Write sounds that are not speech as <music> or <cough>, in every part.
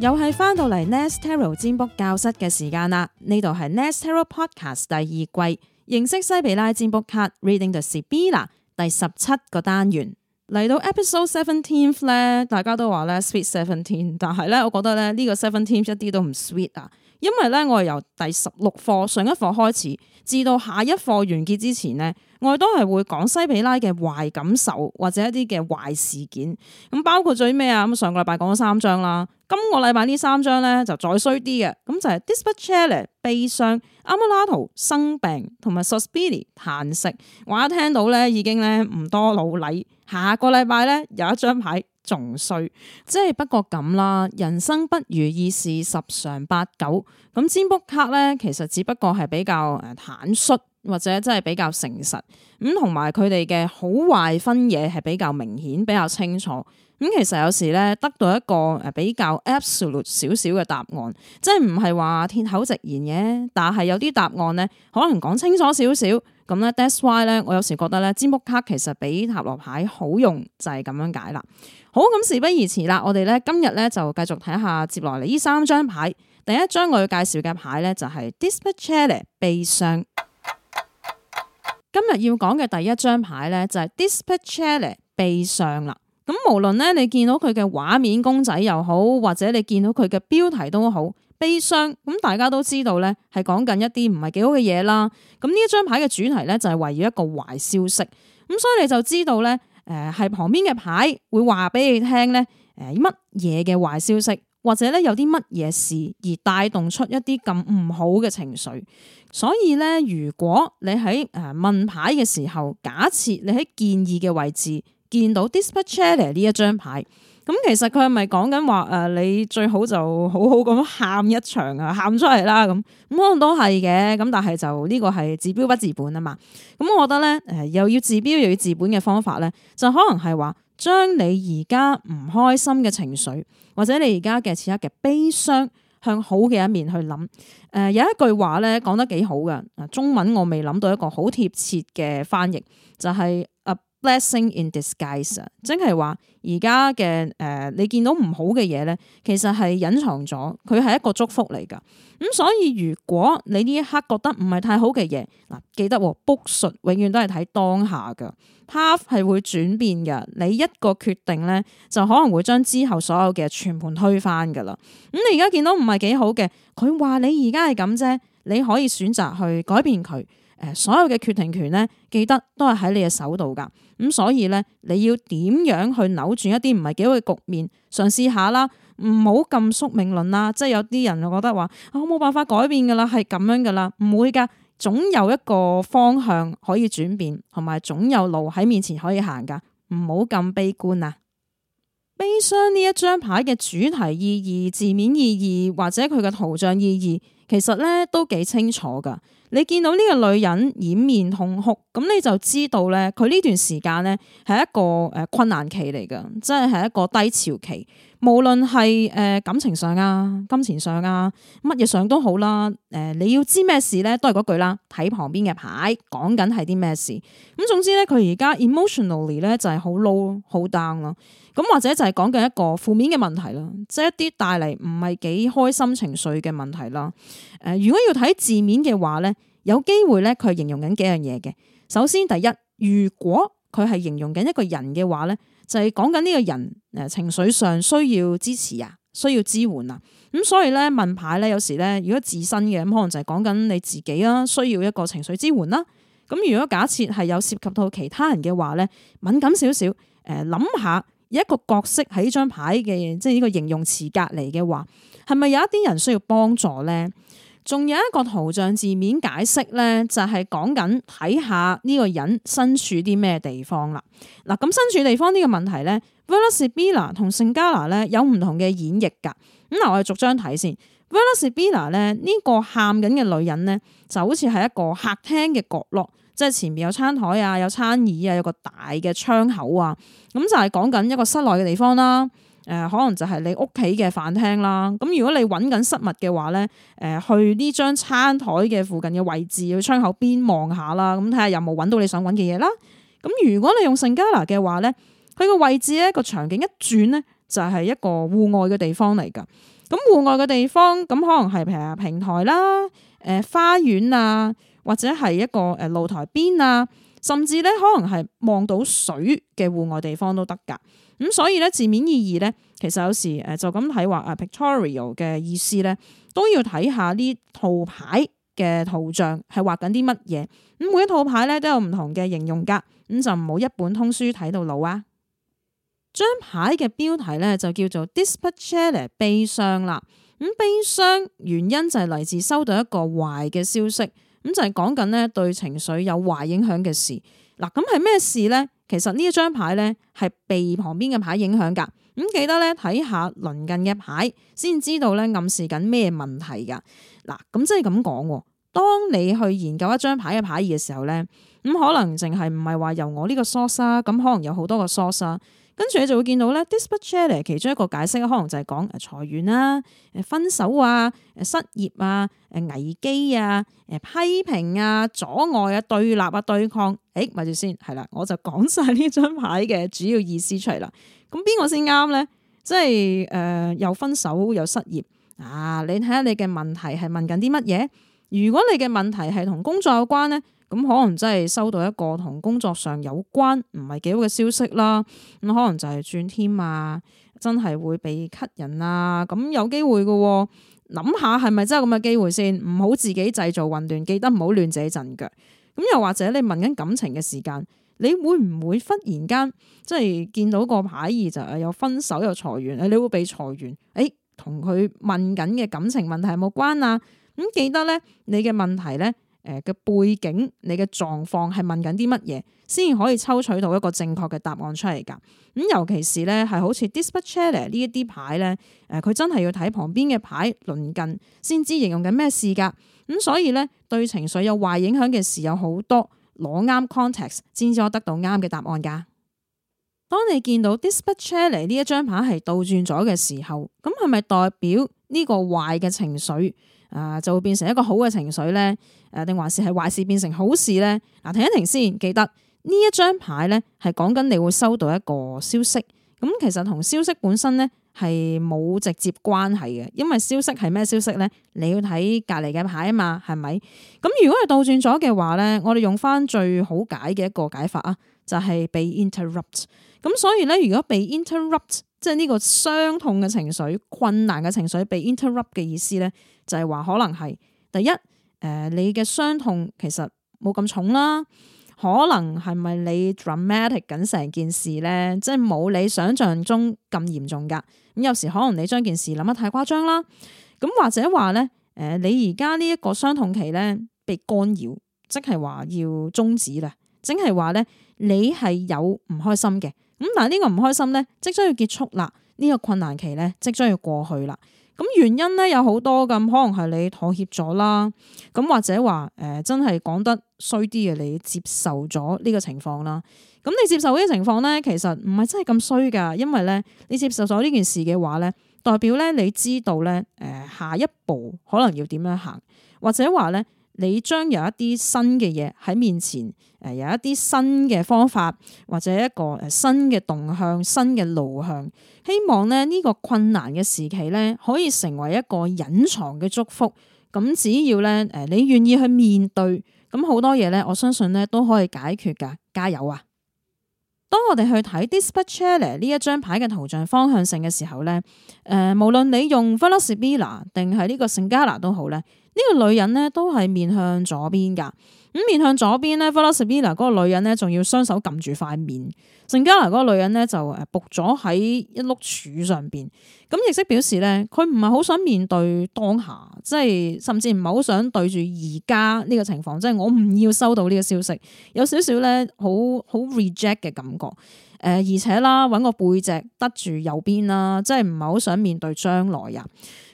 又係翻到嚟 Nest Tarot 占卜教室嘅時間啦，呢度係 Nest Tarot Podcast 第二季，認識西比拉占卜卡 Reading the Sibina 第十七個單元嚟到 Episode Seventeen 咧，大家都話咧 Sweet Seventeen 但係咧我覺得咧呢個 Seventeen 一啲都唔 sweet 啊，因為咧我哋係由第十六課上一課開始，至到下一課完結之前咧，我哋都係會講西比拉嘅壞感受或者一啲嘅壞事件，咁包括咗啲咩啊？咁上個禮拜講咗三章啦。今個禮拜三張，呢三張咧就再衰啲嘅，咁就係 dispiacere 悲傷，ammalato 生病，同埋 sospiro 嘆息。我一聽到咧已經咧唔多老禮，下個禮拜咧有一張牌仲衰，即係不過咁啦，人生不如意事十常八九，咁占卜卡咧其實只不過係比較誒坦率。或者真係比較誠實咁，同埋佢哋嘅好壞分嘢係比較明顯、比較清楚。咁其實有時咧得到一個誒比較 absolute 少少嘅答案，即係唔係話鐵口直言嘅，但係有啲答案咧可能講清楚少少咁咧。That's why 咧，我有時覺得咧占卜卡其實比塔羅牌好用就係、是、咁樣解啦。好咁，事不宜遲啦，我哋咧今日咧就繼續睇下接落嚟呢三張牌。第一張我要介紹嘅牌咧就係 Displeasure 悲傷。今日要講嘅第一張牌咧就係、是、displeasure 悲傷啦。咁無論咧你見到佢嘅畫面公仔又好，或者你見到佢嘅標題都好，悲傷。咁大家都知道咧係講緊一啲唔係幾好嘅嘢啦。咁呢一張牌嘅主題咧就係圍繞一個壞消息。咁所以你就知道咧，誒係旁邊嘅牌會話俾你聽咧，誒乜嘢嘅壞消息。或者咧有啲乜嘢事而帶動出一啲咁唔好嘅情緒，所以咧如果你喺誒問牌嘅時候，假設你喺建議嘅位置見到 Dispatcher 呢一張牌，咁其實佢係咪講緊話誒你最好就好好咁喊一場啊，喊出嚟啦，咁，咁可能都係嘅，咁但係就呢個係治標不治本啊嘛，咁我覺得咧誒又要治標又要治本嘅方法咧，就可能係話。將你而家唔開心嘅情緒，或者你而家嘅此刻嘅悲傷，向好嘅一面去諗。誒、呃，有一句話咧講得幾好嘅，啊，中文我未諗到一個好貼切嘅翻譯，就係、是、啊。呃 Blessing in disguise 啊，即係話而家嘅誒，你見到唔好嘅嘢咧，其實係隱藏咗，佢係一個祝福嚟噶。咁、嗯、所以如果你呢一刻覺得唔係太好嘅嘢，嗱、啊、記得、哦、book 術永遠都係睇當下噶，path 係會轉變噶。你一個決定咧，就可能會將之後所有嘅全盤推翻噶啦。咁、嗯、你而家見到唔係幾好嘅，佢話你而家係咁啫，你可以選擇去改變佢。誒、呃，所有嘅決定權咧，記得都係喺你嘅手度噶。咁所以咧，你要點樣去扭轉一啲唔係幾好嘅局面？嘗試下啦，唔好咁宿命論啦，即係有啲人就覺得話，我、哦、冇辦法改變噶啦，係咁樣噶啦，唔會噶，總有一個方向可以轉變，同埋總有路喺面前可以行噶，唔好咁悲觀啊！悲傷呢一張牌嘅主題意義、字面意義或者佢嘅圖像意義，其實咧都幾清楚噶。你見到呢個女人掩面痛哭，咁你就知道咧，佢呢段時間咧係一個誒困難期嚟㗎，即係係一個低潮期。無論係誒感情上啊、金錢上啊、乜嘢上都好啦，誒、呃、你要知咩事咧，都係嗰句啦，睇旁邊嘅牌，講緊係啲咩事。咁總之咧，佢而家 emotionally 咧就係好 low、好 down 咯。咁或者就係講緊一個負面嘅問題咯，即係一啲帶嚟唔係幾開心情緒嘅問題啦。誒、呃，如果要睇字面嘅話咧，有機會咧佢係形容緊幾樣嘢嘅。首先，第一，如果佢係形容緊一個人嘅話咧。就係講緊呢個人誒、呃、情緒上需要支持啊，需要支援啊，咁、嗯、所以咧問牌咧有時咧如果自身嘅咁可能就係講緊你自己啦、啊，需要一個情緒支援啦、啊。咁、嗯、如果假設係有涉及到其他人嘅話咧，敏感少少誒，諗、呃、下一個角色喺呢張牌嘅即係呢個形容詞隔離嘅話，係咪有一啲人需要幫助咧？仲有一個圖像字面解釋咧，就係講緊睇下呢個人身處啲咩地方啦。嗱，咁身處地方呢個問題咧 Velasibila 同聖加拿咧有唔同嘅演繹噶。咁嗱，我哋逐張睇先。Velasibila 咧呢個喊緊嘅女人咧，就好似係一個客廳嘅角落，即係前面有餐台啊，有餐椅啊，有個大嘅窗口啊，咁就係講緊一個室內嘅地方啦。誒，可能就係你屋企嘅飯廳啦。咁如果你搵緊失物嘅話咧，誒，去呢張餐台嘅附近嘅位置，去窗口邊望下啦。咁睇下有冇搵到你想搵嘅嘢啦。咁如果你用神加拿嘅話咧，佢個位置咧，個場景一轉咧，就係一個戶外嘅地方嚟噶。咁戶外嘅地方，咁可能係平平台啦，誒花園啊，或者係一個誒露台邊啊，甚至咧可能係望到水嘅戶外地方都得噶。咁、嗯、所以咧字面意義咧，其實有時誒、呃、就咁睇話啊，Pictorial 嘅意思咧，都要睇下呢套牌嘅圖像係畫緊啲乜嘢。咁、嗯、每一套牌咧都有唔同嘅形容噶，咁、嗯、就唔好一本通書睇到老啊。張牌嘅標題咧就叫做 dispachella 悲傷啦。咁悲傷原因就係嚟自收到一個壞嘅消息。咁、嗯、就係講緊呢對情緒有壞影響嘅事。嗱、啊，咁係咩事咧？其實呢一張牌咧係被旁邊嘅牌影響噶，咁記得咧睇下鄰近嘅牌先知道咧暗示緊咩問題噶。嗱，咁即係咁講，當你去研究一張牌嘅牌意嘅時候咧，咁可能淨係唔係話由我呢個 source，咁可能有好多個 source。跟住你就會見到咧，dispute challenge 其中一個解釋咧，可能就係講誒裁員啦、啊、誒分手啊、誒失業啊、誒危機啊、誒批評啊、阻礙啊、對立啊、對抗。誒，咪住先，係啦，我就講晒呢張牌嘅主要意思出嚟啦。咁邊個先啱咧？即係誒，又、呃、分手又失業啊？你睇下你嘅問題係問緊啲乜嘢？如果你嘅問題係同工作有關咧？咁可能真係收到一個同工作上有關唔係幾好嘅消息啦，咁可能就係轉添啊，真係會被吸引啊，咁有機會嘅㗎喎，諗下係咪真係咁嘅機會先，唔好自己製造混亂，記得唔好亂自己陣腳。咁又或者你問緊感情嘅時間，你會唔會忽然間即係見到個牌二就係又分手又裁員，你會被裁員，誒同佢問緊嘅感情問題係冇關係啊？咁記得咧，你嘅問題咧。誒，嘅、呃、背景，你嘅狀況係問緊啲乜嘢，先可以抽取到一個正確嘅答案出嚟噶。咁、呃、尤其是咧，係好似 disputelier 呢一啲牌咧，誒、呃，佢真係要睇旁邊嘅牌鄰近，先知形容緊咩事噶。咁、呃、所以咧，對情緒有壞影響嘅事有好多，攞啱 context 先至可以得到啱嘅答案噶。當你見到 disputelier 呢一張牌係倒轉咗嘅時候，咁係咪代表呢個壞嘅情緒？啊，就會變成一個好嘅情緒咧，誒，定還是係壞事變成好事咧？嗱，停一停先，記得一張呢一張牌咧係講緊你會收到一個消息，咁其實同消息本身咧係冇直接關係嘅，因為消息係咩消息咧？你要睇隔籬嘅牌啊嘛，係咪？咁如果係倒轉咗嘅話咧，我哋用翻最好解嘅一個解法啊，就係、是、被 interrupt，咁所以咧如果被 interrupt。即係呢個傷痛嘅情緒、困難嘅情緒被 interrupt 嘅意思咧，就係話可能係第一，誒你嘅傷痛其實冇咁重啦，可能係咪你 dramatic 緊成件事咧，即係冇你想象中咁嚴重噶。咁有時可能你將件事諗得太誇張啦，咁或者話咧，誒你而家呢一個傷痛期咧被干擾，即係話要終止啦，即係話咧你係有唔開心嘅。咁但係呢個唔開心咧，即將要結束啦。呢個困難期咧，即將要過去啦。咁原因咧有好多咁，可能係你妥協咗啦，咁或者話誒真係講得衰啲嘅，你接受咗呢個情況啦。咁你接受呢個情況咧，其實唔係真係咁衰噶，因為咧你接受咗呢件事嘅話咧，代表咧你知道咧誒下一步可能要點樣行，或者話咧你將有一啲新嘅嘢喺面前。誒、呃、有一啲新嘅方法，或者一個誒新嘅動向、新嘅路向，希望咧呢、呢個困難嘅時期咧，可以成為一個隱藏嘅祝福。咁只要咧誒、呃、你願意去面對，咁好多嘢咧，我相信咧都可以解決噶。加油啊！當我哋去睇 d i s p a t c h e r 呢一張牌嘅圖像方向性嘅時候咧，誒、呃、無論你用 philosophia 定係呢個聖加拿都好咧。呢個女人咧都係面向左邊噶，咁面向左邊咧 f l o s c i n a 嗰個女人咧仲要雙手撳住塊面，Selena 嗰個女人咧就誒伏咗喺一碌柱上邊，咁亦即表示咧，佢唔係好想面對當下，即係甚至唔係好想對住而家呢個情況，即係我唔要收到呢個消息，有少少咧好好 reject 嘅感覺，誒、呃、而且啦，揾個背脊得住右邊啦，即係唔係好想面對將來啊。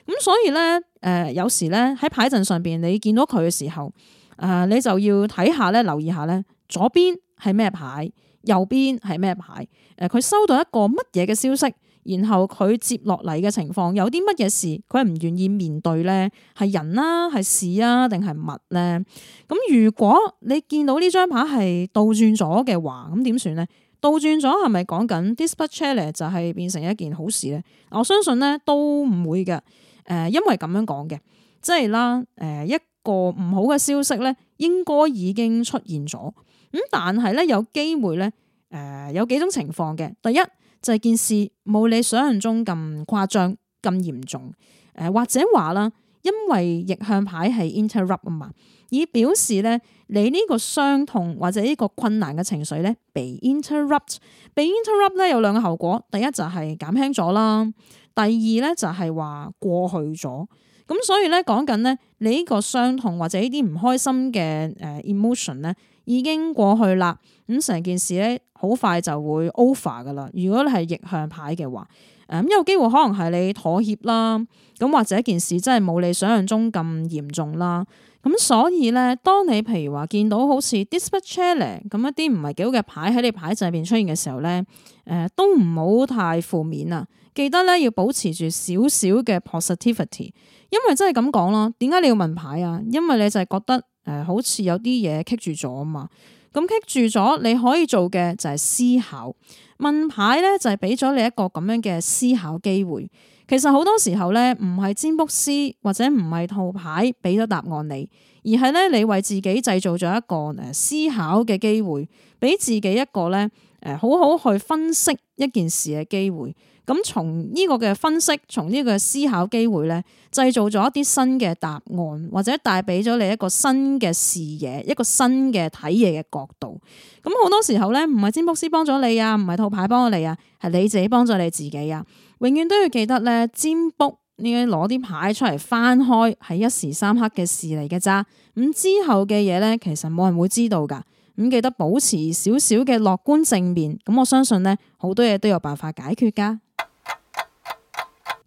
咁所以咧，誒、呃、有時咧喺牌陣上邊，你見到佢嘅時候，啊、呃、你就要睇下咧，留意下咧，左邊係咩牌，右邊係咩牌，誒佢收到一個乜嘢嘅消息，然後佢接落嚟嘅情況有啲乜嘢事，佢係唔願意面對咧，係人啦、啊，係事啊，定係物咧？咁如果你見到呢張牌係倒轉咗嘅話，咁點算咧？倒轉咗係咪講緊 dispatch 就係、是、變成一件好事咧？我相信咧都唔會嘅。誒、呃，因為咁樣講嘅，即係啦，誒、呃、一個唔好嘅消息咧，應該已經出現咗。咁但係咧，有機會咧，誒、呃、有幾種情況嘅。第一就係、是、件事冇你想象中咁誇張、咁嚴重。誒、呃、或者話啦，因為逆向牌係 interrupt 啊嘛，以表示咧你呢個傷痛或者呢個困難嘅情緒咧被 interrupt，被 interrupt 咧有兩個後果，第一就係減輕咗啦。第二咧就係話過去咗，咁所以咧講緊咧，你呢個傷痛或者呢啲唔開心嘅誒 emotion 咧已經過去啦，咁成件事咧好快就會 over 噶啦。如果你係逆向牌嘅話，誒咁有機會可能係你妥協啦，咁或者件事真係冇你想象中咁嚴重啦。咁所以咧，當你譬如話見到好似 Dispatch 咁一啲唔係幾好嘅牌喺你牌陣入邊出現嘅時候咧，誒、呃、都唔好太負面啊！記得咧要保持住少少嘅 positivity，因為真係咁講咯。點解你要問牌啊？因為你就係覺得誒、呃，好似有啲嘢棘住咗啊嘛。咁棘住咗，你可以做嘅就係思考。問牌咧就係俾咗你一個咁樣嘅思考機會。其實好多時候咧，唔係占卜師或者唔係套牌俾咗答案你，而係咧你為自己製造咗一個誒思考嘅機會，俾自己一個咧誒好好去分析一件事嘅機會。咁從呢個嘅分析，從呢個思考機會咧，製造咗一啲新嘅答案，或者帶俾咗你一個新嘅視野，一個新嘅睇嘢嘅角度。咁好多時候咧，唔係占卜師幫咗你啊，唔係套牌幫咗你啊，係你自己幫咗你自己啊。永遠都要記得咧，佔卜呢啲攞啲牌出嚟翻開係一時三刻嘅事嚟嘅咋，咁之後嘅嘢咧，其實冇人會知道噶。咁記得保持少少嘅樂觀正面，咁我相信咧，好多嘢都有辦法解決噶。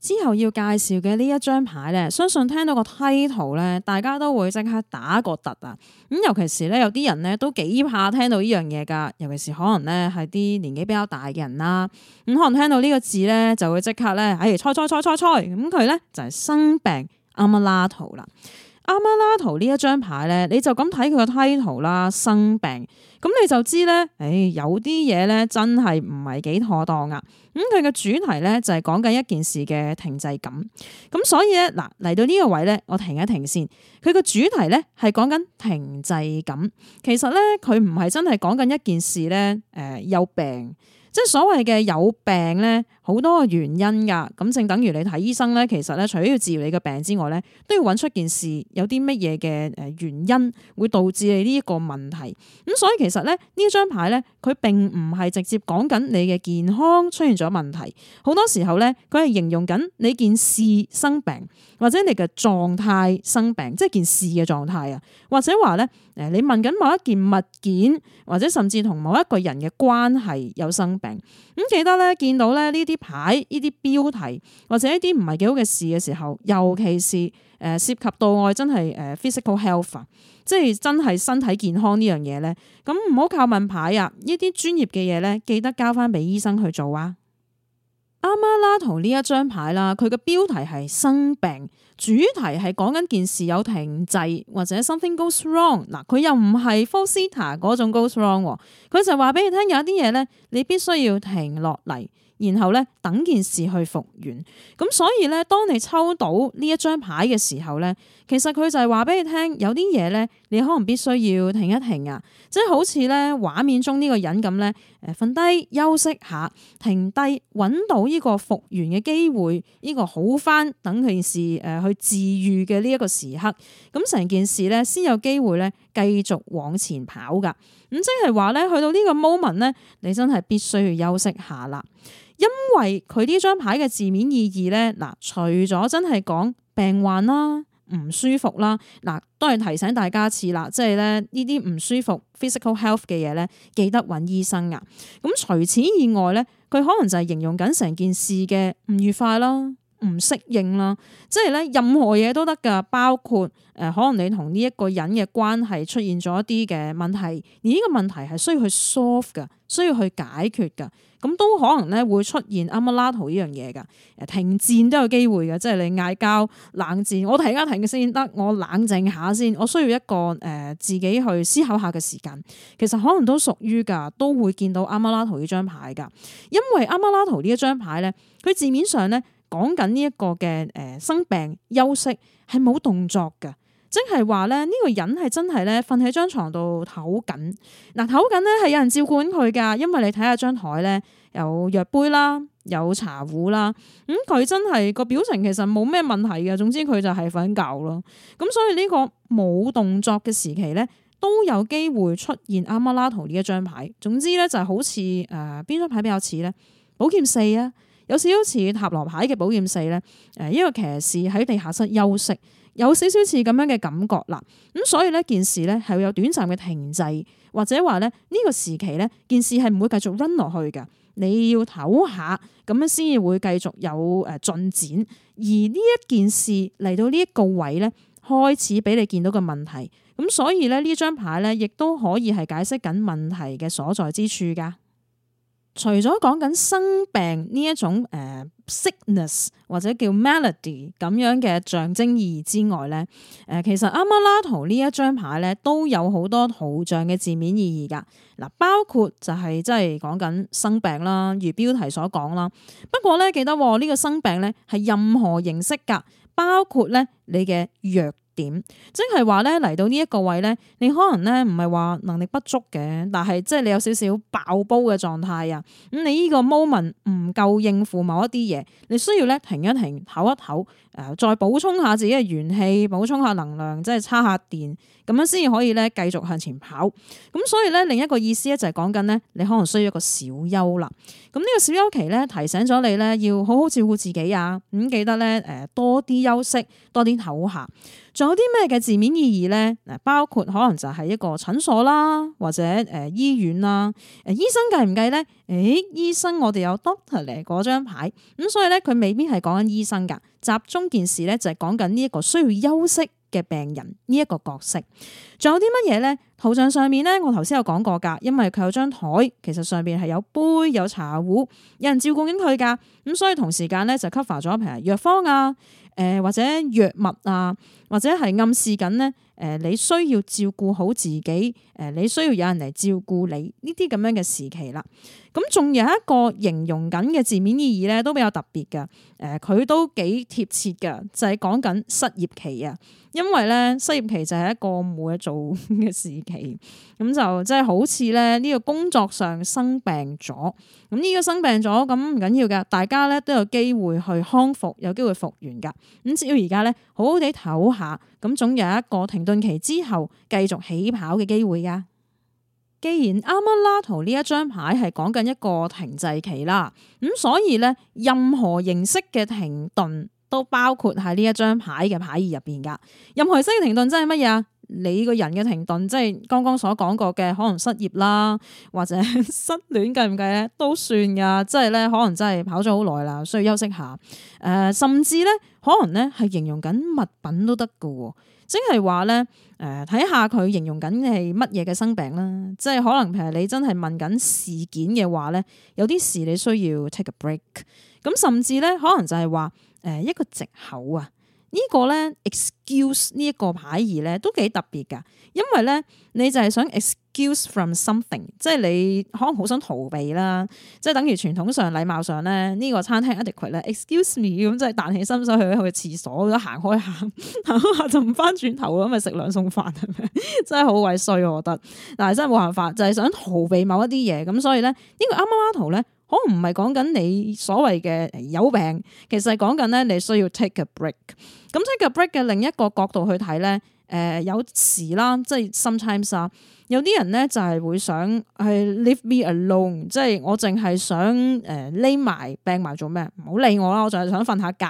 之後要介紹嘅呢一張牌咧，相信聽到個梯圖咧，大家都會即刻打個突啊！咁尤其是咧，有啲人咧都幾怕聽到呢樣嘢噶，尤其是可能咧係啲年紀比較大嘅人啦。咁可能聽到呢個字咧，就會即刻咧，哎，猜猜猜猜猜，猜，咁佢咧就係、是、生病啱唔啱啦？圖啦。啱啱拉圖呢一張牌咧，你就咁睇佢個 title 啦，生病咁你就知咧，誒，有啲嘢咧真係唔係幾妥當啊！咁佢嘅主題咧就係講緊一件事嘅停滯感，咁所以咧嗱，嚟到呢個位咧，我停一停先。佢個主題咧係講緊停滯感，其實咧佢唔係真係講緊一件事咧，誒，有病，即係所謂嘅有病咧。好多嘅原因噶，咁正等於你睇醫生咧，其實咧除咗要治療你嘅病之外咧，都要揾出件事有啲乜嘢嘅誒原因會導致你呢一個問題。咁、嗯、所以其實咧呢張牌咧，佢並唔係直接講緊你嘅健康出現咗問題，好多時候咧佢係形容緊你件事生病，或者你嘅狀態生病，即係件事嘅狀態啊，或者話咧誒你問緊某一件物件，或者甚至同某一個人嘅關係有生病。咁、嗯、記得咧見到咧呢啲。牌呢啲標題或者一啲唔係幾好嘅事嘅時候，尤其是誒、呃、涉及到我真係誒、呃、physical health、啊、即係真係身體健康呢樣嘢咧，咁唔好靠問牌啊！專呢啲專業嘅嘢咧，記得交翻俾醫生去做啊！啱啦、啊，同呢一張牌啦，佢嘅標題係生病，主題係講緊件事有停滯或者 something goes wrong、啊。嗱，佢又唔係 Foster 嗰種 goes wrong，佢、啊、就話俾你聽有一啲嘢咧，你必須要停落嚟。然後咧，等件事去復原。咁所以咧，當你抽到呢一張牌嘅時候咧，其實佢就係話俾你聽，有啲嘢咧，你可能必須要停一停啊！即係好似咧畫面中呢個人咁咧。誒，瞓低休息下，停低，揾到呢個復原嘅機會，呢個好返，等件事誒去治愈嘅呢一個時刻，咁成件事咧，先有機會咧繼續往前跑噶。咁即係話咧，去到呢個 moment 咧，你真係必須要休息下啦，因為佢呢張牌嘅字面意義咧，嗱，除咗真係講病患啦。唔舒服啦，嗱，都係提醒大家一次啦，即係咧呢啲唔舒服 physical health 嘅嘢咧，記得揾醫生啊。咁除此以外咧，佢可能就係形容緊成件事嘅唔愉快啦。唔適應啦，即係咧任何嘢都得噶，包括誒可能你同呢一個人嘅關係出現咗一啲嘅問題，而呢個問題係需要去 solve 噶，需要去解決噶，咁都可能咧會出現啱啱拉圖呢樣嘢噶，停戰都有機會嘅，即係你嗌交冷戰，我哋而家停嘅先得，我冷靜下先，我需要一個誒自己去思考下嘅時間，其實可能都屬於噶，都會見到啱啱拉圖呢張牌噶，因為啱啱拉圖呢一張牌咧，佢字面上咧。講緊呢一個嘅誒生病休息係冇動作噶，即係話咧，呢個人係真係咧瞓喺張床度唞緊，嗱，唞緊咧係有人照顧緊佢噶，因為你睇下張台咧，有藥杯啦，有茶壺啦，咁、嗯、佢真係個表情其實冇咩問題嘅，總之佢就係瞓覺咯。咁所以呢個冇動作嘅時期咧，都有機會出現啱啱拉圖呢一張牌。總之咧就係好似誒邊張牌比較似咧，寶劍四啊。有少少似塔羅牌嘅寶劍四咧，誒，一個騎士喺地下室休息，有少少似咁樣嘅感覺啦。咁所以咧，件事咧係會有短暫嘅停滯，或者話咧呢個時期咧，件事係唔會繼續 run 落去嘅。你要唞下，咁樣先至會繼續有誒進展。而呢一件事嚟到呢一個位咧，開始俾你見到個問題。咁所以咧呢張牌咧，亦都可以係解釋緊問題嘅所在之處噶。除咗講緊生病呢一種誒 sickness 或者叫 malady 咁樣嘅象徵意義之外咧，誒其實啱啱拉圖呢一張牌咧都有好多圖像嘅字面意義噶。嗱，包括就係即係講緊生病啦，如標題所講啦。不過咧，記得呢、呢個生病咧係任何形式噶，包括咧你嘅藥。點即係話咧，嚟到呢一個位咧，你可能咧唔係話能力不足嘅，但係即係你有少少爆煲嘅狀態啊！咁你呢個 moment 唔夠應付某一啲嘢，你需要咧停一停，唞一唞，誒、呃，再補充下自己嘅元氣，補充下能量，即係叉下電，咁樣先可以咧繼續向前跑。咁所以咧另一個意思咧就係講緊咧，你可能需要一個小休啦。咁、這、呢個小休期咧提醒咗你咧要好好照顧自己啊！咁記得咧誒多啲休息，多啲唞下。仲有啲咩嘅字面意義咧？嗱，包括可能就係一個診所啦，或者誒、呃、醫院啦，誒醫生計唔計咧？誒、欸，醫生我哋有 doctor 嚟，嗰張牌，咁所以咧佢未必係講緊醫生噶。集中件事咧就係講緊呢一個需要休息嘅病人呢一個角色。仲有啲乜嘢咧？圖像上面咧，我頭先有講過噶，因為佢有張台，其實上邊係有杯有茶壺，有人照顧緊佢噶，咁所以同時間咧就 cover 咗譬如藥方啊。誒，或者藥物啊，或者係暗示緊咧。誒，你需要照顧好自己，誒，你需要有人嚟照顧你呢啲咁樣嘅時期啦。咁仲有一個形容緊嘅字面意義咧，都比較特別噶。誒，佢都幾貼切噶，就係講緊失業期啊。因為咧，失業期，失業期就係一個冇嘢做嘅時期，咁就即係好似咧呢個工作上生病咗。咁、這、呢個生病咗，咁唔緊要噶，大家咧都有機會去康復，有機會復原噶。咁只要而家咧，好好地唞下。咁總有一個停頓期，之後繼續起跑嘅機會噶。既然啱啱拉圖呢一張牌係講緊一個停滯期啦，咁所以咧，任何形式嘅停頓。都包括喺呢一張牌嘅牌意入邊噶。任何生意停頓即係乜嘢啊？你個人嘅停頓即係剛剛所講過嘅，可能失業啦，或者失戀計唔計咧？都算噶，即係咧可能真係跑咗好耐啦，需要休息下。誒、呃，甚至咧可能咧係形容緊物品都得嘅，即係話咧誒，睇下佢形容緊係乜嘢嘅生病啦。即係可能譬如你真係問緊事件嘅話咧，有啲事你需要 take a break。咁甚至咧可能就係話。誒一個藉口啊！呢個咧 excuse 呢一個牌意咧都幾特別噶，因為咧你就係想 excuse from something，即係你可能好想逃避啦，即係等於傳統上禮貌上咧呢個餐廳 adequate 咧 excuse me 咁，即係彈起身走去去廁所都行開下，行開下就唔翻轉頭咯，咪食兩餸飯係咪？ <laughs> 真係好鬼衰，我覺得，但係真係冇辦法，就係想逃避某一啲嘢，咁所以咧呢個啱啱嗱圖咧。可能唔係講緊你所謂嘅有病，其實講緊咧你需要 take a break。咁 take a break 嘅另一個角度去睇咧。誒、呃、有時啦，即係 sometimes 啊，有啲人咧就係、是、會想去 leave me alone，即係我淨係想誒匿埋病埋做咩？唔好理我啦，我淨係想瞓下覺，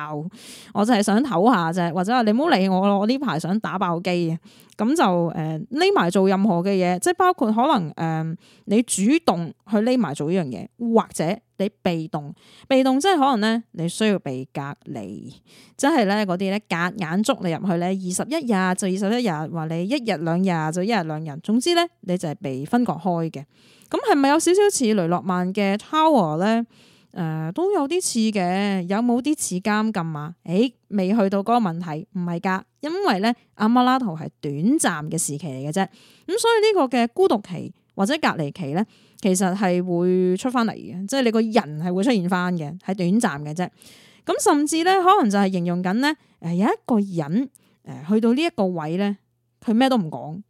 我淨係想唞下啫，或者話你唔好理我咯，我呢排想打爆機嘅，咁就誒匿埋做任何嘅嘢，即係包括可能誒、呃、你主動去匿埋做呢樣嘢，或者。你被動，被動即係可能咧，你需要被隔離，即係咧嗰啲咧夾硬捉你入去咧，二十一日就二十一日，話你一日兩日就一日兩日。總之咧你就係被分割開嘅。咁係咪有少少似雷諾曼嘅 tower 咧？誒、呃，都有啲似嘅，有冇啲似監禁啊？誒、欸，未去到嗰個問題，唔係噶，因為咧阿馬拉圖係短暫嘅時期嚟嘅啫，咁所以呢個嘅孤獨期或者隔離期咧。其實係會出翻嚟嘅，即係你個人係會出現翻嘅，係短暫嘅啫。咁甚至咧，可能就係形容緊咧，誒有一個人誒去到呢一個位咧，佢咩都唔講，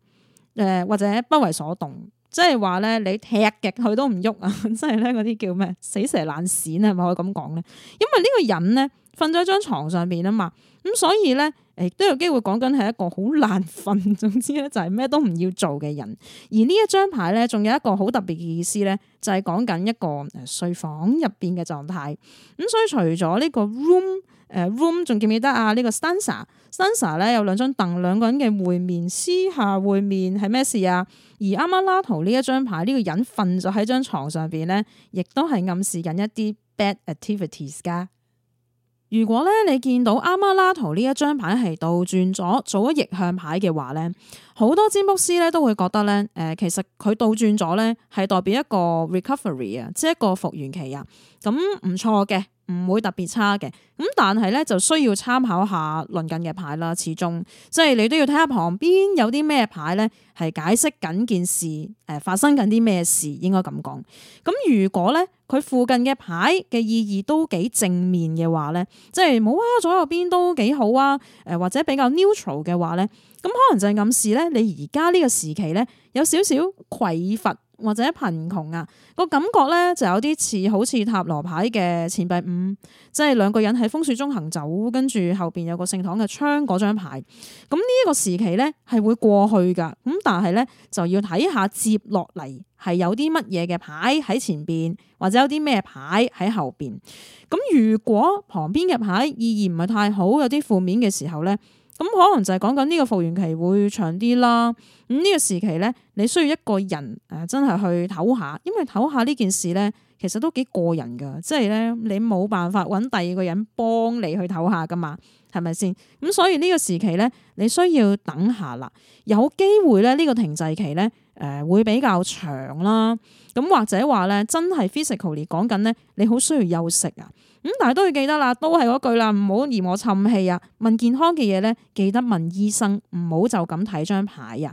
誒或者不為所動。即係話咧，你踢極佢都唔喐啊！即係咧，嗰啲叫咩死蛇爛鱔啊？係咪可以咁講咧？因為呢個人咧瞓咗喺張床上邊啊嘛，咁所以咧，亦都有機會講緊係一個好難瞓，總之咧就係咩都唔要做嘅人。而呢一張牌咧，仲有一個好特別嘅意思咧，就係講緊一個誒睡房入邊嘅狀態。咁所以除咗呢個 room 誒 room，仲記唔記得啊？呢個 stunner？Sensa 咧有兩張凳，兩個人嘅會面，私下會面係咩事啊？而啱啱拉圖呢一張牌，呢、這個人瞓咗喺張床上邊咧，亦都係暗示緊一啲 bad activities 㗎。如果咧你見到啱啱拉圖呢一張牌係倒轉咗，做咗逆向牌嘅話咧，好多占卜師咧都會覺得咧，誒、呃，其實佢倒轉咗咧係代表一個 recovery 啊，即係一個復原期啊，咁唔錯嘅。唔會特別差嘅，咁但係咧就需要參考下鄰近嘅牌啦，始終即係你都要睇下旁邊有啲咩牌咧，係解釋緊件事，誒、呃、發生緊啲咩事應該咁講。咁如果咧佢附近嘅牌嘅意義都幾正面嘅話咧，即係冇啊，左右邊都幾好啊，誒、呃、或者比較 neutral 嘅話咧，咁可能就係暗示咧你而家呢個時期咧有少少匱乏。或者貧窮啊，個感覺咧就有啲似好似塔羅牌嘅錢幣五，即係兩個人喺風雪中行走，跟住後邊有個聖堂嘅窗嗰張牌。咁呢一個時期咧係會過去噶，咁但係咧就要睇下接落嚟係有啲乜嘢嘅牌喺前邊，或者有啲咩牌喺後邊。咁如果旁邊嘅牌意義唔係太好，有啲負面嘅時候咧，咁可能就係講緊呢個復原期會長啲啦，咁呢個時期咧，你需要一個人誒真係去唞下，因為唞下呢件事咧，其實都幾過癮噶，即係咧你冇辦法揾第二個人幫你去唞下噶嘛，係咪先？咁所以呢個時期咧，你需要等下啦，有機會咧呢個停滯期咧，誒會比較長啦，咁或者話咧真係 physically 講緊咧，你好需要休息啊。咁但係都要記得啦，都係嗰句啦，唔好嫌我冧氣啊！問健康嘅嘢咧，記得問醫生，唔好就咁睇張牌啊！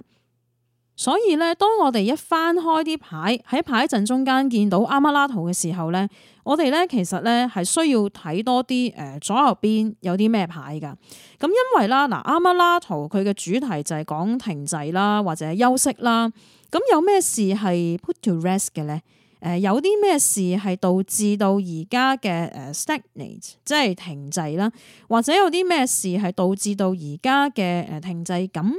所以咧，當我哋一翻開啲牌喺牌陣中間見到阿媽拉圖嘅時候咧，我哋咧其實咧係需要睇多啲誒、呃，左右邊有啲咩牌噶？咁因為啦，嗱，阿媽拉圖佢嘅主題就係講停滯啦，或者係休息啦。咁有咩事係 put to rest 嘅咧？誒、呃，有啲咩事係導致到而家嘅，誒即係停滯啦，或者有啲咩事係導致到而家嘅誒停滯，咁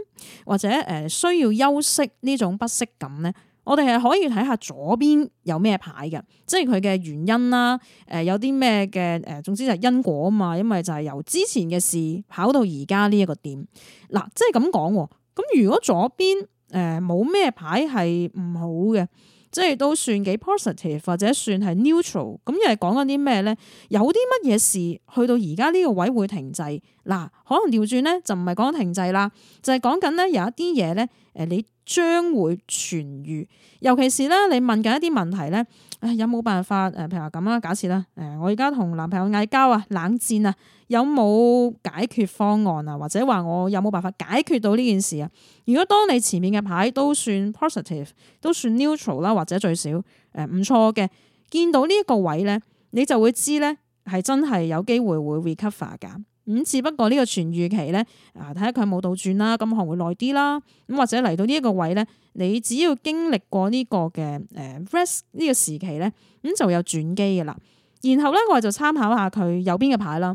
或者誒、呃、需要休息呢種不適感咧？我哋係可以睇下左邊有咩牌嘅，即係佢嘅原因啦。誒、呃，有啲咩嘅誒，總之就因果啊嘛，因為就係由之前嘅事跑到而家呢一個點。嗱、呃，即係咁講，咁如果左邊誒冇咩牌係唔好嘅，即係都算幾 positive 或者算係 neutral，咁又係講緊啲咩咧？有啲乜嘢事去到而家呢個位會停滯，嗱，可能調轉咧就唔係講緊停滯啦，就係講緊咧有一啲嘢咧，誒你將會痊癒，尤其是咧你問緊一啲問題咧。唉、哎，有冇辦法？誒，譬如話咁啦，假設啦，誒，我而家同男朋友嗌交啊，冷戰啊，有冇解決方案啊？或者話我有冇辦法解決到呢件事啊？如果當你前面嘅牌都算 positive，都算 neutral 啦，或者最少誒唔、呃、錯嘅，見到呢一個位咧，你就會知咧係真係有機會會 recover 㗎。咁，只不過個呢個痊愈期咧，啊，睇下佢冇倒轉啦，咁可能會耐啲啦。咁或者嚟到呢一個位咧，你只要經歷過呢、這個嘅誒、呃、rest 呢個時期咧，咁、嗯、就有轉機嘅啦。然後咧，我就參考下佢右邊嘅牌啦。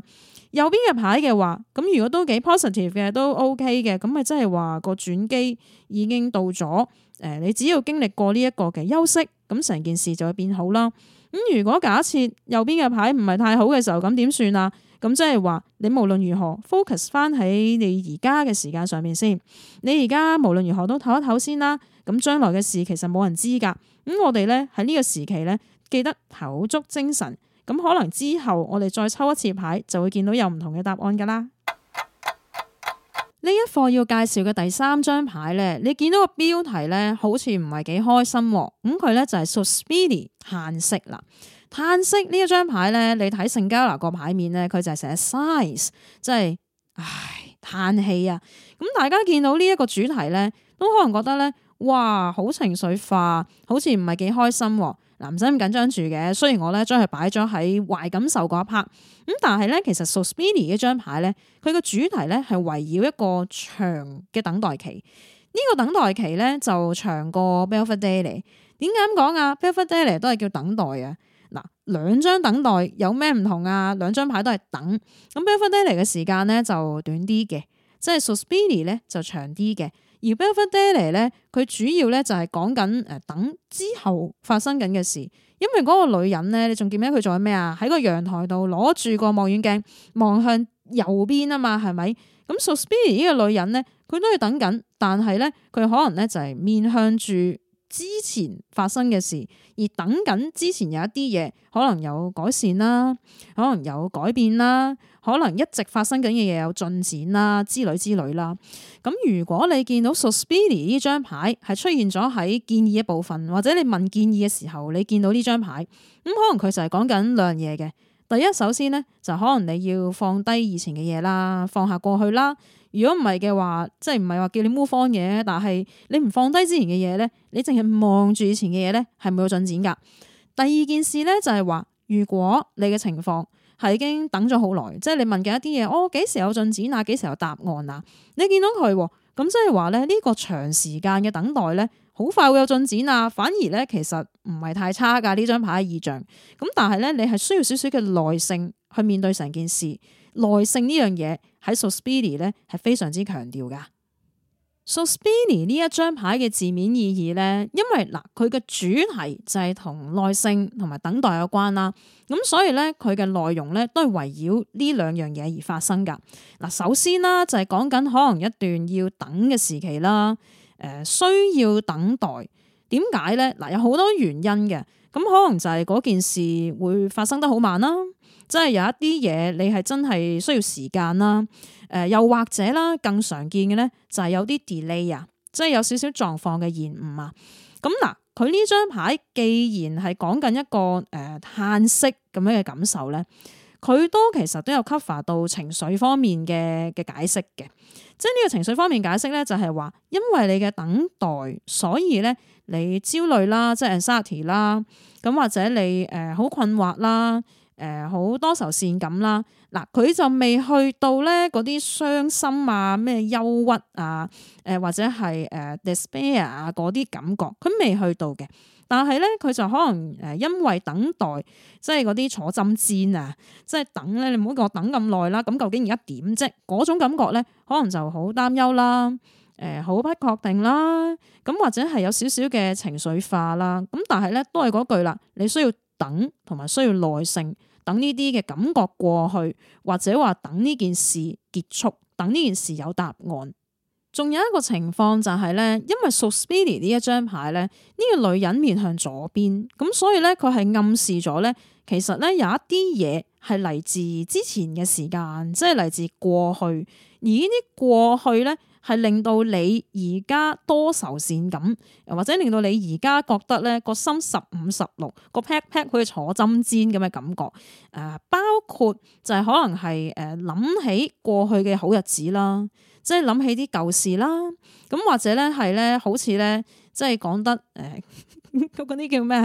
右邊嘅牌嘅話，咁如果都幾 positive 嘅，都 OK 嘅，咁咪即係話個轉機已經到咗。誒、呃，你只要經歷過呢一個嘅休息，咁成件事就會變好啦。咁、嗯、如果假設右邊嘅牌唔係太好嘅時候，咁點算啊？咁即係話，你無論如何 focus 翻喺你而家嘅時間上面先。你而家無論如何都唞一唞先啦。咁將來嘅事其實冇人知噶。咁我哋咧，喺呢個時期咧，記得唞足精神。咁可能之後我哋再抽一次牌，就會見到有唔同嘅答案噶啦。呢一課要介紹嘅第三張牌咧，你見到個標題咧，好似唔係幾開心。咁佢咧就係 so speedy 限食啦。嘆息呢一張牌咧，你睇聖加拿個牌面咧，佢就係寫 size，即係唉嘆氣啊。咁大家見到呢一個主題咧，都可能覺得咧，哇，好情緒化，好似唔係幾開心啊。唔使咁緊張住嘅，雖然我咧將佢擺咗喺壞感受嗰一 part，咁但係咧其實 suspini 呢張牌咧，佢個主題咧係圍繞一個長嘅等待期。呢、呢個等待期咧就長過《Belford Daily》。點解咁講啊？《Belford Daily》都係叫等待啊。兩張等待有咩唔同啊？兩張牌都係等，咁 belvedere 嘅時間咧就短啲嘅，即係 suspense 咧就長啲嘅。而 belvedere 咧，佢主要咧就係講緊誒等之後發生緊嘅事。因為嗰個女人咧，你仲記唔記得佢做緊咩啊？喺個陽台度攞住個望遠鏡望向右邊啊嘛，係咪？咁 suspense 呢個女人咧，佢都要等緊，但係咧佢可能咧就係面向住。之前發生嘅事，而等緊之前有一啲嘢可能有改善啦，可能有改變啦，可能一直發生緊嘅嘢有進展啦之類之類啦。咁如果你見到 s o s p e c i o 呢張牌係出現咗喺建議一部分，或者你問建議嘅時候，你見到呢張牌，咁可能佢就係講緊兩樣嘢嘅。第一，首先呢，就可能你要放低以前嘅嘢啦，放下過去啦。如果唔係嘅話，即係唔係話叫你 move on 嘅，但係你唔放低之前嘅嘢咧，你淨係望住以前嘅嘢咧，係冇有進展噶。第二件事咧就係話，如果你嘅情況係已經等咗好耐，即係你問嘅一啲嘢，哦，幾時有進展啊？那幾時有答案啊？你見到佢，咁即係話咧呢個長時間嘅等待咧，好快會有進展啊。反而咧其實唔係太差噶呢張牌嘅意象，咁但係咧你係需要少少嘅耐性去面對成件事，耐性呢樣嘢。喺 Suspini 咧，係非常之強調噶。Suspini 呢一張牌嘅字面意義咧，因為嗱，佢嘅主題就係同耐性同埋等待有關啦。咁所以咧，佢嘅內容咧都係圍繞呢兩樣嘢而發生噶嗱。首先啦，就係講緊可能一段要等嘅時期啦。誒，需要等待。點解咧？嗱，有好多原因嘅。咁可能就係嗰件事會發生得好慢啦，即係有一啲嘢你係真係需要時間啦，誒、呃、又或者啦，更常見嘅咧就係有啲 delay 啊，即係有少少狀況嘅延誤啊。咁、嗯、嗱，佢呢張牌既然係講緊一個誒嘆息咁樣嘅感受咧，佢都其實都有 cover 到情緒方面嘅嘅解釋嘅，即係呢個情緒方面解釋咧就係話，因為你嘅等待，所以咧。你焦慮啦，即係 anxiety 啦，咁或者你誒好、呃、困惑啦，誒、呃、好多愁善感啦，嗱佢就未去到咧嗰啲傷心啊，咩憂鬱啊，誒、呃、或者係誒、呃、despair 啊嗰啲感覺，佢未去到嘅。但係咧，佢就可能誒因為等待，即係嗰啲坐針氈啊，即係等咧，你唔好叫我等咁耐啦。咁究竟而家點啫？嗰種感覺咧，可能就好擔憂啦。誒，好、呃、不確定啦，咁或者係有少少嘅情緒化啦。咁但係咧，都係嗰句啦，你需要等，同埋需要耐性，等呢啲嘅感覺過去，或者話等呢件事結束，等呢件事有答案。仲有一個情況就係、是、咧，因為 so speedy 呢一張牌咧，呢、這個女人面向左邊，咁所以咧佢係暗示咗咧，其實咧有一啲嘢係嚟自之前嘅時間，即係嚟自過去，而呢啲過去咧。係令到你而家多愁善感，又或者令到你而家覺得咧個心十五十六，個劈劈 t p 佢坐針尖咁嘅感覺。誒、呃，包括就係可能係誒諗起過去嘅好日子啦，即係諗起啲舊事啦。咁或者咧係咧，好似咧即係講得誒嗰啲叫咩？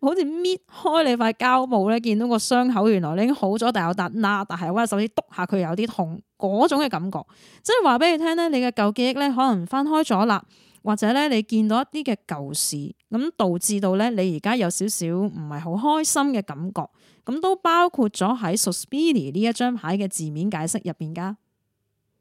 好似搣開你塊膠布咧，見到個傷口原來你已經好咗，但有笪拉，但係我有時啲篤下佢有啲痛。嗰種嘅感覺，即係話俾你聽咧，你嘅舊記憶咧可能翻開咗啦，或者咧你見到一啲嘅舊事，咁導致到咧你而家有少少唔係好開心嘅感覺，咁都包括咗喺 s o s p i e l y 呢一張牌嘅字面解釋入邊噶。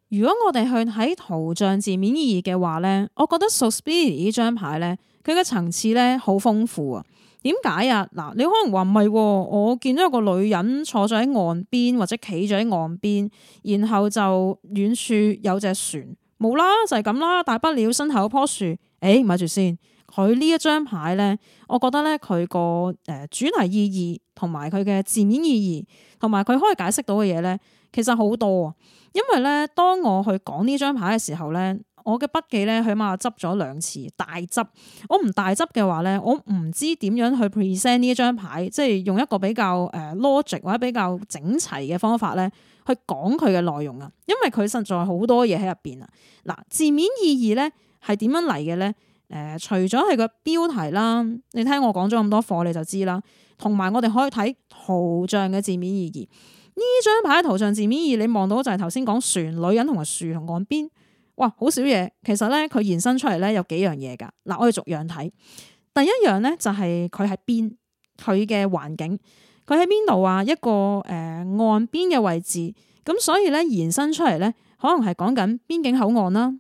如果我哋去睇圖像字面意義嘅話咧，我覺得 s o s p i e l y 呢張牌咧，佢嘅層次咧好豐富啊。點解啊？嗱，你可能話唔係，我見到一個女人坐咗喺岸邊或者企咗喺岸邊，然後就遠處有隻船，冇啦就係咁啦，大不了身後嗰棵樹。誒、欸，咪住先，佢呢一張牌咧，我覺得咧佢個誒主題意義同埋佢嘅字面意義同埋佢可以解釋到嘅嘢咧，其實好多啊，因為咧當我去講呢張牌嘅時候咧。我嘅筆記咧，起碼執咗兩次大執。我唔大執嘅話咧，我唔知點樣去 present 呢張牌，即係用一個比較誒 logic 或者比較整齊嘅方法咧，去講佢嘅內容啊。因為佢實在好多嘢喺入邊啊。嗱、呃，字面意義咧係點樣嚟嘅咧？誒、呃，除咗係個標題啦，你聽我講咗咁多課你就知啦。同埋我哋可以睇圖像嘅字面意義。呢張牌圖像字面意義，你望到就係頭先講船女、女人同埋樹同岸邊。哇，好少嘢，其實咧佢延伸出嚟咧有幾樣嘢噶。嗱，我哋逐樣睇。第一樣咧就係佢喺邊，佢嘅環境，佢喺邊度啊？一個誒、呃、岸邊嘅位置，咁所以咧延伸出嚟咧，可能係講緊邊境口岸啦，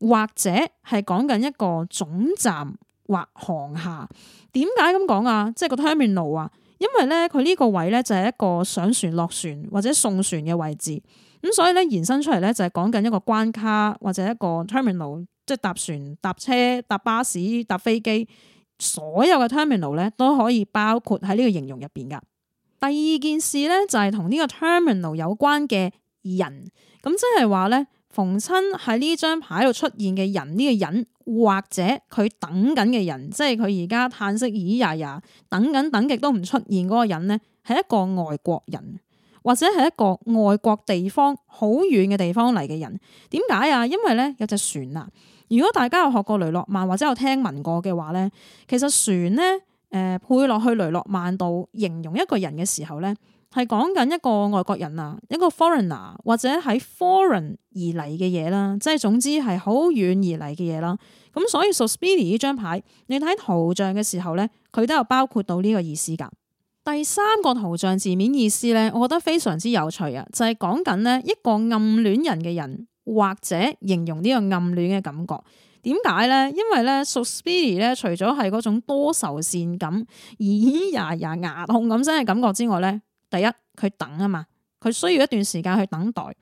或者係講緊一個總站或航廈。點解咁講啊？即係個 terminal 啊？因為咧佢呢個位咧就係一個上船落船或者送船嘅位置。咁所以咧，延伸出嚟咧就係講緊一個關卡或者一個 terminal，即係搭船、搭車、搭巴士、搭飛機，所有嘅 terminal 咧都可以包括喺呢個形容入邊噶。第二件事咧就係同呢個 terminal 有關嘅人，咁即係話咧，逢親喺呢張牌度出現嘅人呢個人，或者佢等緊嘅人，即係佢而家嘆息咦呀呀等緊等極都唔出現嗰個人咧，係一個外國人。或者係一個外國地方好遠嘅地方嚟嘅人，點解啊？因為咧有隻船啊！如果大家有學過雷諾曼或者有聽聞過嘅話咧，其實船咧誒、呃、配落去雷諾曼度形容一個人嘅時候咧，係講緊一個外國人啊，一個 foreigner 或者喺 foreign 而嚟嘅嘢啦，即係總之係好遠而嚟嘅嘢啦。咁所以 suspicion 呢張牌，你睇圖像嘅時候咧，佢都有包括到呢個意思噶。第三個圖像字面意思咧，我覺得非常之有趣啊！就係講緊呢一個暗戀人嘅人，或者形容呢個暗戀嘅感覺。點解咧？因為咧屬 Speedy 咧，除咗係嗰種多愁善感、咦呀呀牙痛咁聲嘅感覺之外咧，第一佢等啊嘛，佢需要一段時間去等待。咁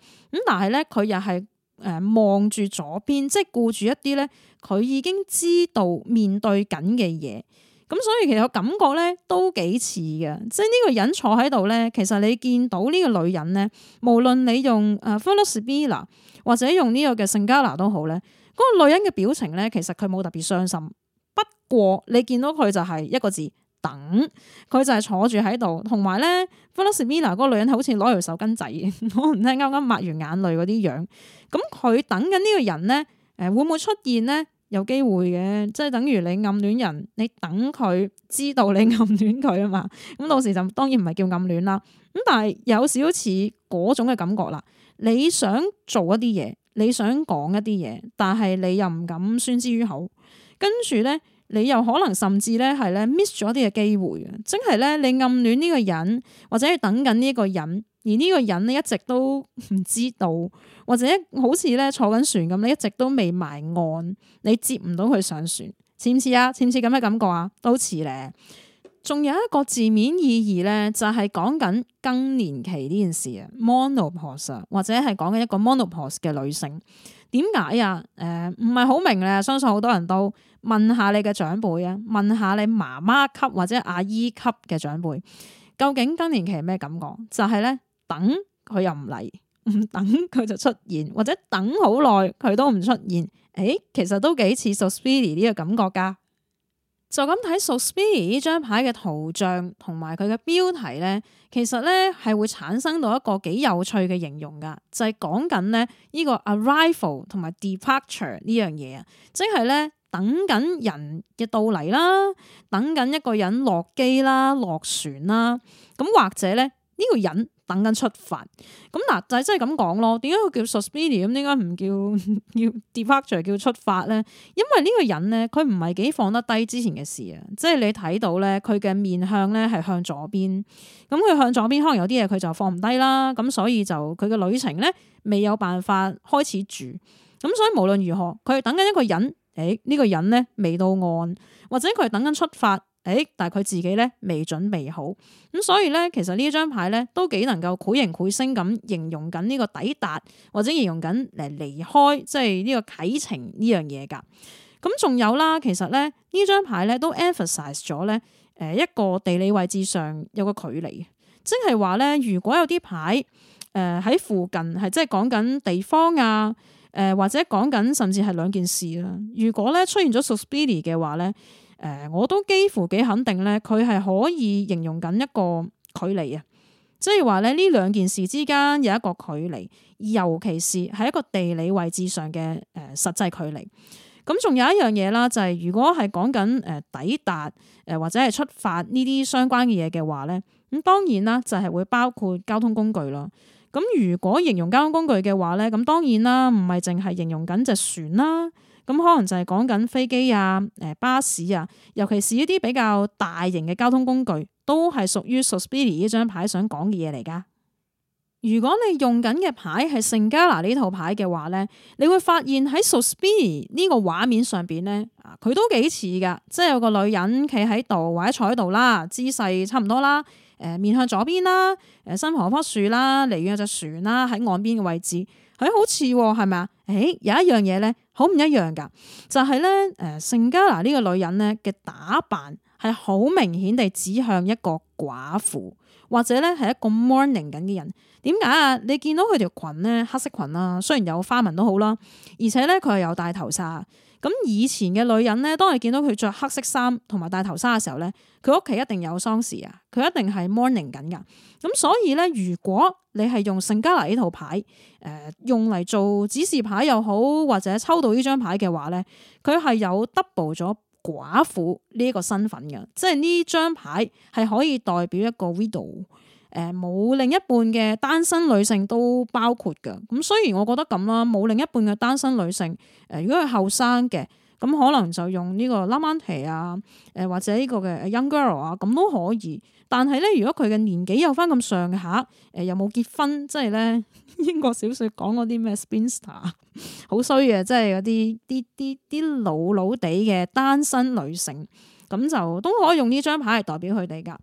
但係咧，佢又係誒望住左邊，即係顧住一啲咧，佢已經知道面對緊嘅嘢。咁所以其實我感覺咧都幾似嘅，即係呢個人坐喺度咧，其實你見到呢個女人咧，無論你用誒 Phyllis Vina 或者用呢個嘅性膠娜都好咧，嗰、嗰個女人嘅表情咧，其實佢冇特別傷心。不過你見到佢就係一個字等，佢就係坐住喺度，同埋咧 Phyllis Vina 嗰個女人好似攞條手巾仔， <laughs> 我唔聽啱啱抹完眼淚嗰啲樣。咁佢等緊呢個人咧，誒會唔會出現咧？有機會嘅，即係等於你暗戀人，你等佢知道你暗戀佢啊嘛。咁到時就當然唔係叫暗戀啦。咁但係有少似嗰種嘅感覺啦。你想做一啲嘢，你想講一啲嘢，但係你又唔敢宣之於口，跟住咧你又可能甚至咧係咧 miss 咗啲嘅機會嘅，即係咧你暗戀呢個人或者你等緊呢一個人。而呢個人咧一直都唔知道，或者好似咧坐緊船咁咧一直都未埋岸，你接唔到佢上船，似唔似啊？似唔似咁嘅感覺啊？都似咧。仲有一個字面意義咧，就係講緊更年期呢件事啊。menopause 或者係講緊一個 menopause 嘅女性。點解啊？誒唔係好明咧，相信好多人都問下你嘅長輩啊，問下你媽媽級或者阿姨級嘅長輩，究竟更年期係咩感覺？就係咧。等佢又唔嚟，唔等佢就出現，或者等好耐佢都唔出現，誒、欸，其實都幾似 s u s p e e d y 呢個感覺噶。就咁睇 s u s p e e d y 呢張牌嘅圖像同埋佢嘅標題咧，其實咧係會產生到一個幾有趣嘅形容噶，就係講緊咧呢個 arrival 同埋 departure 呢樣嘢啊，即係咧等緊人嘅到嚟啦，等緊一個人落機啦、落船啦，咁或者咧呢、這個人。等緊出發，咁嗱就真係咁講咯。點解佢叫 suspension？點解唔叫 <laughs> 叫 departure 叫出發咧？因為呢個人咧，佢唔係幾放得低之前嘅事啊。即係你睇到咧，佢嘅面向咧係向左邊，咁佢向左邊可能有啲嘢佢就放唔低啦。咁所以就佢嘅旅程咧，未有辦法開始住。咁所以無論如何，佢等緊一個人。誒、欸、呢、呢個人咧未到岸，或者佢等緊出發。誒，但係佢自己咧未準備好，咁所以咧、就是，其實呢張牌咧都幾能夠繪形繪聲咁形容緊呢個抵達或者形容緊誒離開，即係呢個啟程呢樣嘢噶。咁仲有啦，其實咧呢張牌咧都 emphasize 咗咧誒一個地理位置上有個距離，即係話咧如果有啲牌誒喺、呃、附近，係即係講緊地方啊，誒、呃、或者講緊甚至係兩件事啦。如果咧出現咗 suspicion 嘅話咧。誒，我都幾乎幾肯定咧，佢係可以形容緊一個距離啊，即係話咧呢兩件事之間有一個距離，尤其是係一個地理位置上嘅誒實際距離。咁仲有一樣嘢啦，就係如果係講緊誒抵達誒或者係出發呢啲相關嘅嘢嘅話咧，咁當然啦，就係會包括交通工具咯。咁如果形容交通工具嘅話咧，咁當然啦，唔係淨係形容緊隻船啦。咁可能就係講緊飛機啊、呃、巴士啊，尤其是一啲比較大型嘅交通工具，都係屬於 Suspicion 呢張牌想講嘅嘢嚟噶。如果你用緊嘅牌係聖加拿呢套牌嘅話咧，你會發現喺 Suspicion 呢個畫面上邊咧，啊佢都幾似噶，即係有個女人企喺度或者坐喺度啦，姿勢差唔多啦，誒、呃、面向左邊啦，誒身旁有棵樹啦，離遠有隻船啦，喺岸邊嘅位置。佢、欸、好似係咪啊？誒、欸，有一樣嘢咧，好唔一樣噶，就係、是、咧，誒，聖加拿呢個女人咧嘅打扮係好明顯地指向一個寡婦，或者咧係一個 mourning 緊嘅人。點解啊？你見到佢條裙咧，黑色裙啦，雖然有花紋都好啦，而且咧佢係有大頭紗。咁以前嘅女人呢，當係見到佢着黑色衫同埋戴頭紗嘅時候呢，佢屋企一定有喪事啊！佢一定係 mourning 緊噶。咁所以呢，如果你係用聖加拿呢套牌，誒、呃、用嚟做指示牌又好，或者抽到呢張牌嘅話呢，佢係有 double 咗寡婦呢一個身份嘅，即係呢張牌係可以代表一個 widow。誒，冇另一半嘅單身女性都包括㗎。咁雖然我覺得咁啦，冇另一半嘅單身女性，誒如果佢後生嘅，咁可能就用呢個 Lenormand 啊，誒或者呢個嘅 young girl 啊，咁都可以。但係咧，如果佢嘅年紀又又有翻咁上下，誒又冇結婚，即係咧英國小説講嗰啲咩 spinster，好衰嘅，即係嗰啲啲啲啲老老哋嘅單身女性，咁就都可以用呢張牌嚟代表佢哋㗎。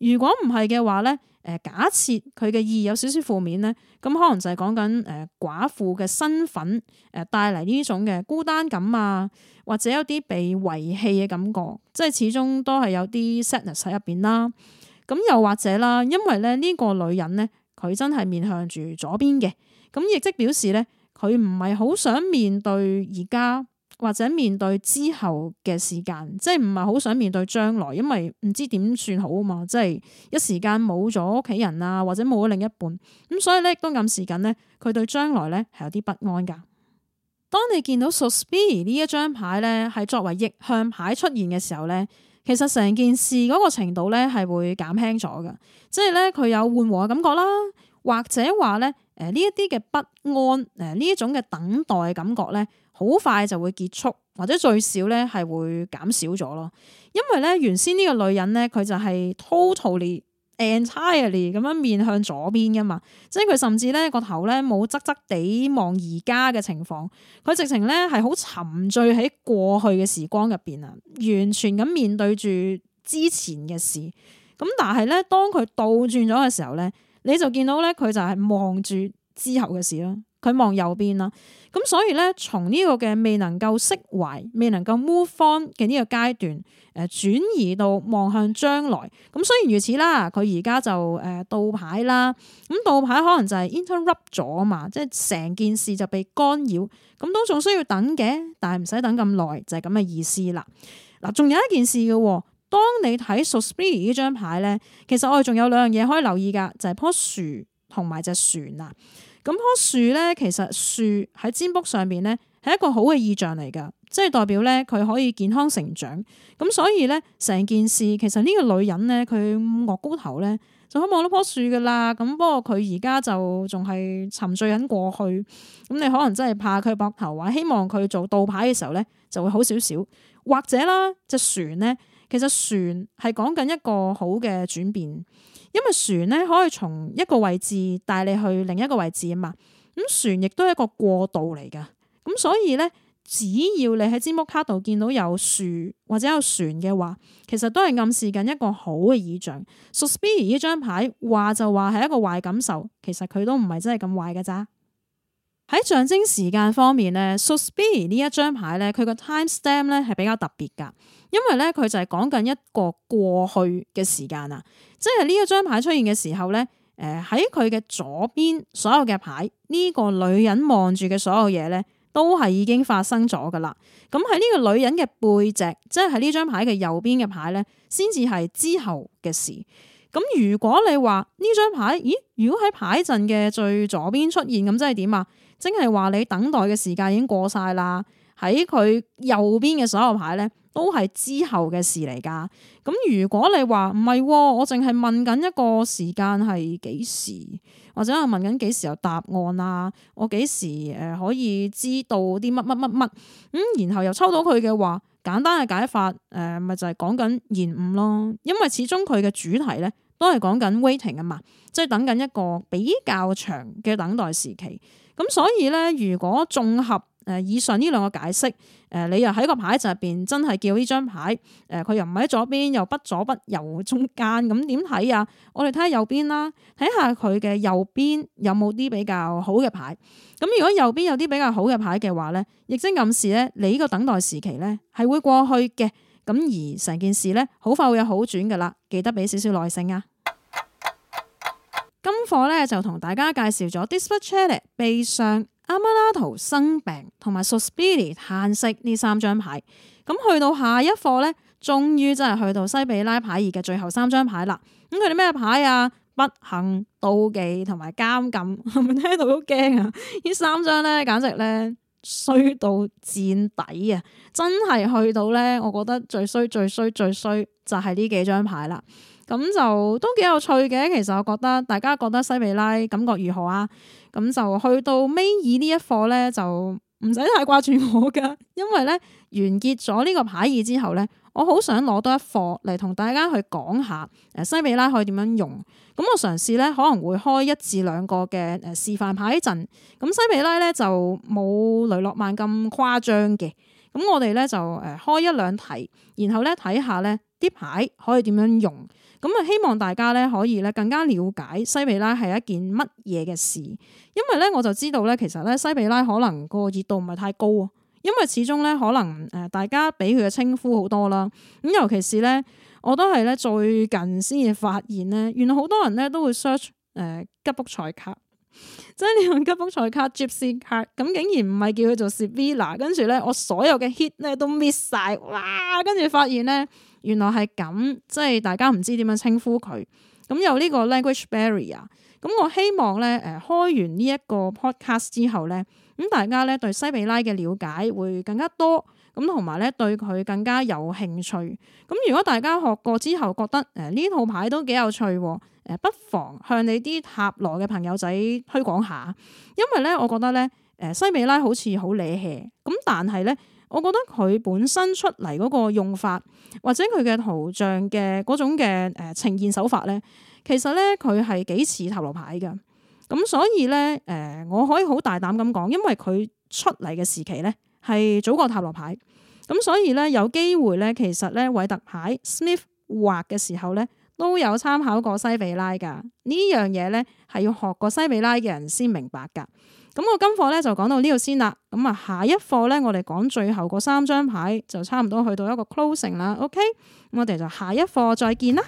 如果唔係嘅話咧，誒假設佢嘅意有少少負面咧，咁可能就係講緊誒寡婦嘅身份誒帶嚟呢種嘅孤單感啊，或者有啲被遺棄嘅感覺，即係始終都係有啲 sadness 喺入邊啦。咁又或者啦，因為咧呢個女人咧，佢真係面向住左邊嘅，咁亦即表示咧佢唔係好想面對而家。或者面對之後嘅時間，即係唔係好想面對將來，因為唔知點算好啊嘛，即係一時間冇咗屋企人啊，或者冇咗另一半，咁所以咧亦都暗示緊呢，佢對將來咧係有啲不安噶。當你見到 Suspiir 呢一張牌咧，係作為逆向牌出現嘅時候咧，其實成件事嗰個程度咧係會減輕咗噶，即係咧佢有緩和嘅感覺啦，或者話咧誒呢一啲嘅不安誒呢一種嘅等待嘅感覺咧，好快就會結束，或者最少咧係會減少咗咯。因為咧原先呢個女人咧，佢就係 totally entirely 咁樣面向左邊噶嘛，即係佢甚至咧個頭咧冇側側地望而家嘅情況，佢直情咧係好沉醉喺過去嘅時光入邊啊，完全咁面對住之前嘅事。咁但係咧，當佢倒轉咗嘅時候咧，你就見到咧佢就係望住之後嘅事咯。佢望右邊啦，咁所以咧，從呢個嘅未能夠釋懷、未能夠 move on 嘅呢個階段，誒、呃、轉移到望向將來。咁、嗯、雖然如此啦，佢而家就誒倒、呃、牌啦，咁倒牌可能就係 interrupt 咗嘛，即係成件事就被干擾。咁、嗯、都仲需要等嘅，但係唔使等咁耐，就係咁嘅意思啦。嗱，仲有一件事嘅，當你睇 Six of Swords 呢張牌咧，其實我哋仲有兩樣嘢可以留意噶，就係、是、棵樹同埋隻船啊。咁棵樹咧，其實樹喺占卜上邊咧係一個好嘅意象嚟噶，即係代表咧佢可以健康成長。咁所以咧成件事，其實呢個女人咧佢惡高頭咧就可望到棵樹噶啦。咁不過佢而家就仲係沉醉緊過去。咁你可能你真係怕佢膊頭話，希望佢做倒牌嘅時候咧就會好少少，或者啦，隻船咧，其實船係講緊一個好嘅轉變。因為船咧可以從一個位置帶你去另一個位置啊嘛，咁船亦都係一個過渡嚟噶，咁所以咧，只要你喺占卜卡度見到有船或者有船嘅話，其實都係暗示緊一個好嘅意象。So Speed 呢張牌話就話係一個壞感受，其實佢都唔係真係咁壞嘅咋。喺象徵時間方面呢 s o Speed 呢一張牌咧，佢個 time stamp 咧係比較特別噶。因為咧，佢就係講緊一個過去嘅時間啊,即係呢一張牌出現嘅時候咧，誒喺佢嘅左邊所有嘅牌，呢個女人望住嘅所有嘢咧，都係已經發生咗噶啦。咁喺呢個女人嘅背脊，即係喺呢張牌嘅右邊嘅牌咧，先至係之後嘅事。咁如果你話呢張牌，咦？如果喺牌陣嘅最左邊出現，咁即係點啊？即係話你等待嘅時間已經過晒啦。喺佢右邊嘅所有牌咧，都係之後嘅事嚟噶。咁如果你話唔係，我淨係問緊一個時間係幾時，或者我問緊幾時有答案啦？我幾時誒可以知道啲乜乜乜乜？咁、嗯、然後又抽到佢嘅話，簡單嘅解法誒，咪、呃、就係講緊延誤咯。因為始終佢嘅主題咧，都係講緊 waiting 啊嘛，即係等緊一個比較長嘅等待時期。咁所以咧，如果綜合，誒，以上呢兩個解釋，誒，你又喺個牌集入邊真係叫呢張牌，誒，佢又唔喺左邊，又不左不右中間，咁點睇啊？我哋睇下右邊啦，睇下佢嘅右邊有冇啲比較好嘅牌。咁如果右邊有啲比較好嘅牌嘅話咧，亦即暗示咧，你呢個等待時期咧係會過去嘅，咁而成件事咧好快會有好轉噶啦。記得俾少少耐性啊。今課咧就同大家介紹咗 displeasure，悲傷。阿曼拉圖生病，同埋 suspiety 嘆息呢三張牌，咁去到下一課咧，終於真係去到西比拉牌二嘅最後三張牌啦。咁佢哋咩牌啊？不幸、妒忌同埋監禁，係 <laughs> 咪聽到都驚啊？呢三張咧，簡直咧衰到墊底啊！真係去到咧，我覺得最衰、最衰、最衰就係呢幾張牌啦。咁就都幾有趣嘅，其實我覺得大家覺得西米拉感覺如何啊？咁就去到尾二呢一課咧，就唔使太掛住我噶，因為咧完結咗呢個牌義之後咧，我好想攞多一課嚟同大家去講下誒西米拉可以點樣用。咁我嘗試咧可能會開一至兩個嘅誒示範牌一陣，咁西米拉咧就冇雷諾曼咁誇張嘅。咁我哋咧就誒開一兩題，然後咧睇下咧啲牌可以點樣用。咁啊，希望大家咧可以咧更加了解西比拉係一件乜嘢嘅事，因為咧我就知道咧，其實咧西比拉可能個熱度唔係太高啊，因為始終咧可能誒大家俾佢嘅稱呼好多啦，咁尤其是咧，我都係咧最近先至發現咧，原來好多人咧都會 search 誒吉卜賽卡，即係你用吉卜賽卡、接普卡，咁竟然唔係叫佢做西比拉，跟住咧我所有嘅 hit 咧都 miss 晒，哇！跟住發現咧。原來係咁，即係大家唔知點樣稱呼佢，咁有呢個 language barrier。咁我希望咧，誒開完呢一個 podcast 之後咧，咁大家咧對西米拉嘅了解會更加多，咁同埋咧對佢更加有興趣。咁如果大家學過之後覺得誒呢套牌都幾有趣，誒不妨向你啲塔羅嘅朋友仔推廣下，因為咧我覺得咧誒西米拉好似好惹氣，咁但係咧。我覺得佢本身出嚟嗰個用法，或者佢嘅圖像嘅嗰種嘅誒呈現手法咧，其實咧佢係幾似塔羅牌噶。咁所以咧誒，我可以好大膽咁講，因為佢出嚟嘅時期咧係早過塔羅牌。咁、呃、所以咧有機會咧，其實咧韋特牌 Smith 畫嘅時候咧都有參考過西比拉噶樣。呢樣嘢咧係要學過西比拉嘅人先明白噶。咁我今課咧就講到呢度先啦，咁啊下一課咧我哋講最後嗰三張牌就差唔多去到一個 closing 啦，OK，咁我哋就下一課再見啦。